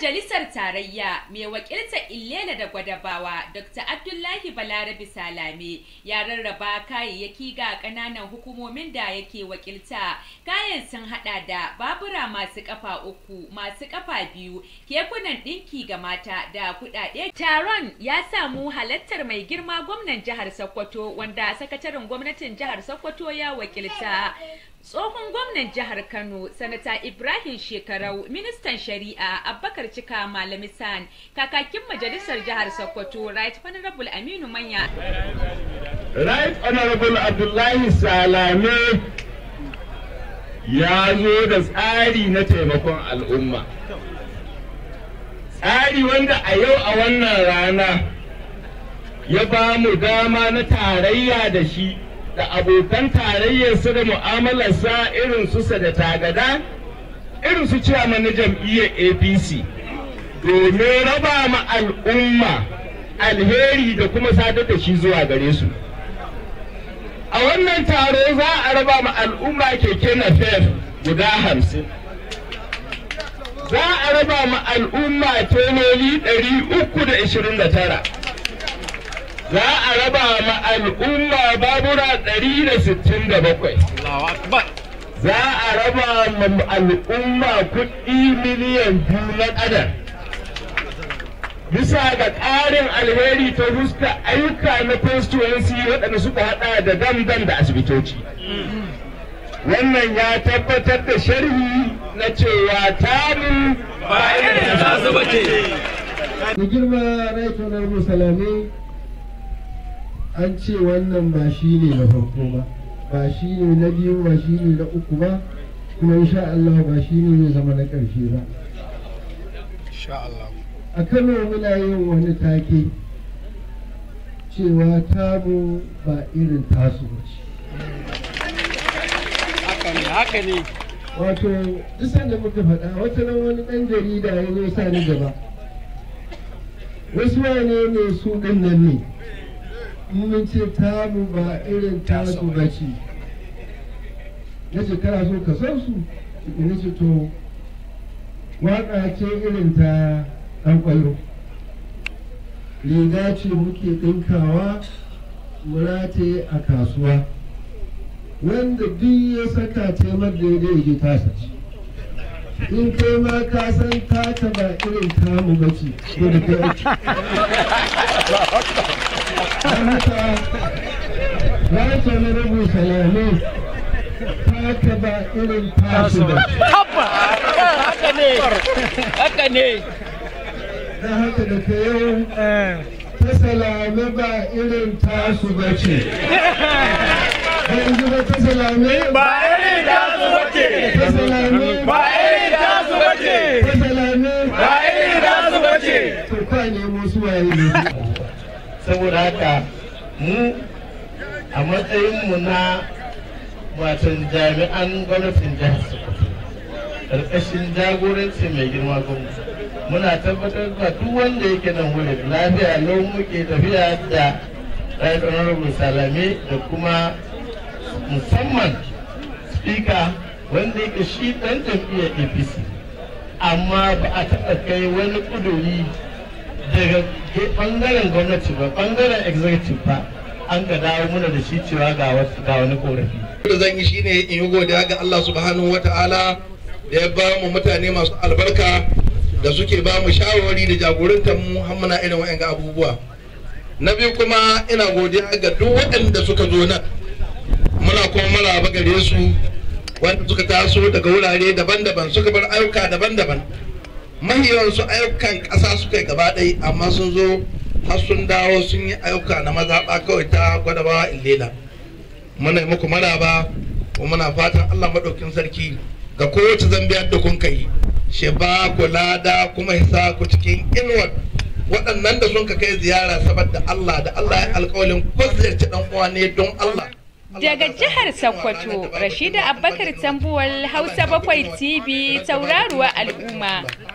majalisar tarayya mai wakilta illela da gwadabawa dr abdullahi balarabi salame ya rarraba kayayyaki ga ƙananan hukumomin da yake wakilta kayan sun hada da babura masu kafa uku masu kafa biyu kekunan ɗinki ga mata da kuɗaɗe. taron ya samu halartar mai girma gwamnan jihar sokoto wanda sakataren gwamnatin jihar sokoto ya wakilta Tsohon gwamnan jihar Kano, Sanata Ibrahim Shekarau, ministan shari'a Abubakar Cika Malamisan, kakakin majalisar jihar Sokoto, Right Honorable Aminu Manya. Right Honorable Abdullahi Salame ya zo da tsari na taimakon al'umma. Tsari wanda a yau a wannan rana ya ba mu dama na tarayya da shi. da abokan tarayyar su da mu'amalarsa irin su sadata gada irin su ciyaman na jam'iyyar apc domin raba ma al'umma alheri da kuma sadar da shi zuwa gare su a wannan taro za a raba ma al'umma keke na guda hamsin za a raba ma al'umma tonoli 329 za a raba ma al'umma babura 167 za a raba ma al'umma kuɗi miliyan biyu na ƙadar bisa ga ƙarin alheri ta fuska ayyuka na constituency waɗanda suka haɗa da dandan da asibitoci wannan ya tabbatar da sharhi na cewa tamu ba irin da za su bace. girma rai tunar musulmi an ce wannan ba shi ne na farko ba ba shi ne na biyu ba shi ne na uku ba kuma insha Allah ba shi ne zai zama na ƙarshe ba a kano muna yin wani take cewa tabo ba irin tasu ba ce wato isan da muka faɗa wata nan wani ɗan jarida ya zo sa ni gaba wasu wane ne su ɗin nan ne mun ce tamu ba irin tasu ba ce na ce kana so ka san su na ce to waƙa ce irin ta ɗan ƙwayo riga ce muke ɗinkawa ce a kasuwa wanda duk ya saka taimar da ya je tasa ce in kai ma ka san taka ba irin tamu ba ce ko da kai Right Honorable Salome ta ba irin tasu da Haba! Haka ne! Haka ne! Da haka da ta yau ta salami ba irin tasu ba ce. Yanzu ba ta salami ba irin tasu ba ce. Ta salami ba irin tasu ba ce. Ta salami ba irin tasu ba ce. To kwa nemo su waye ne. saboda haka mu a matsayin mu na watan jami'an gwamnatin jihar sokoto ƙarƙashin jagoranci mai girma gwamna muna tabbatar da duk wanda yake nan wuri lafiya lau muke tafiya da right honorable salame da kuma musamman spika wanda yake shi ɗan jam'iyyar apc amma ba a taɓa kai wani ƙuduri daga bangaren gwamnati ba bangaren executive ba an ka dawo muna da shi cewa ga wasu ga wani korafi da zan yi shine in yi godiya ga Allah subhanahu wataala da ya ba mu mutane masu albarka da suke ba mu shawarwari da jagorantar mu har muna irin wa'anga abubuwa na biyu kuma ina godiya ga duk waɗanda suka zo nan muna kuma mara ba gare su wanda suka taso daga wurare daban-daban suka bar ayyuka daban-daban su ayyukan ƙasa suka yi gaba ɗai amma sun zo har sun dawo sun yi ayyuka na mazaɓa kawai ta gwadabawa illela muna muku maraba kuma muna fatan allah maɗaukin sarki ga kowace zambiyar da kun kai shi ba ku lada kuma hisa ku cikin inward waɗannan da sun kai ziyara saboda allah da allah ya alƙawalin ku ziyarci ɗan uwa ne don allah Daga jihar Sokoto, Rashida Abubakar Tambuwal Hausa Bakwai TV, tauraruwa al'umma.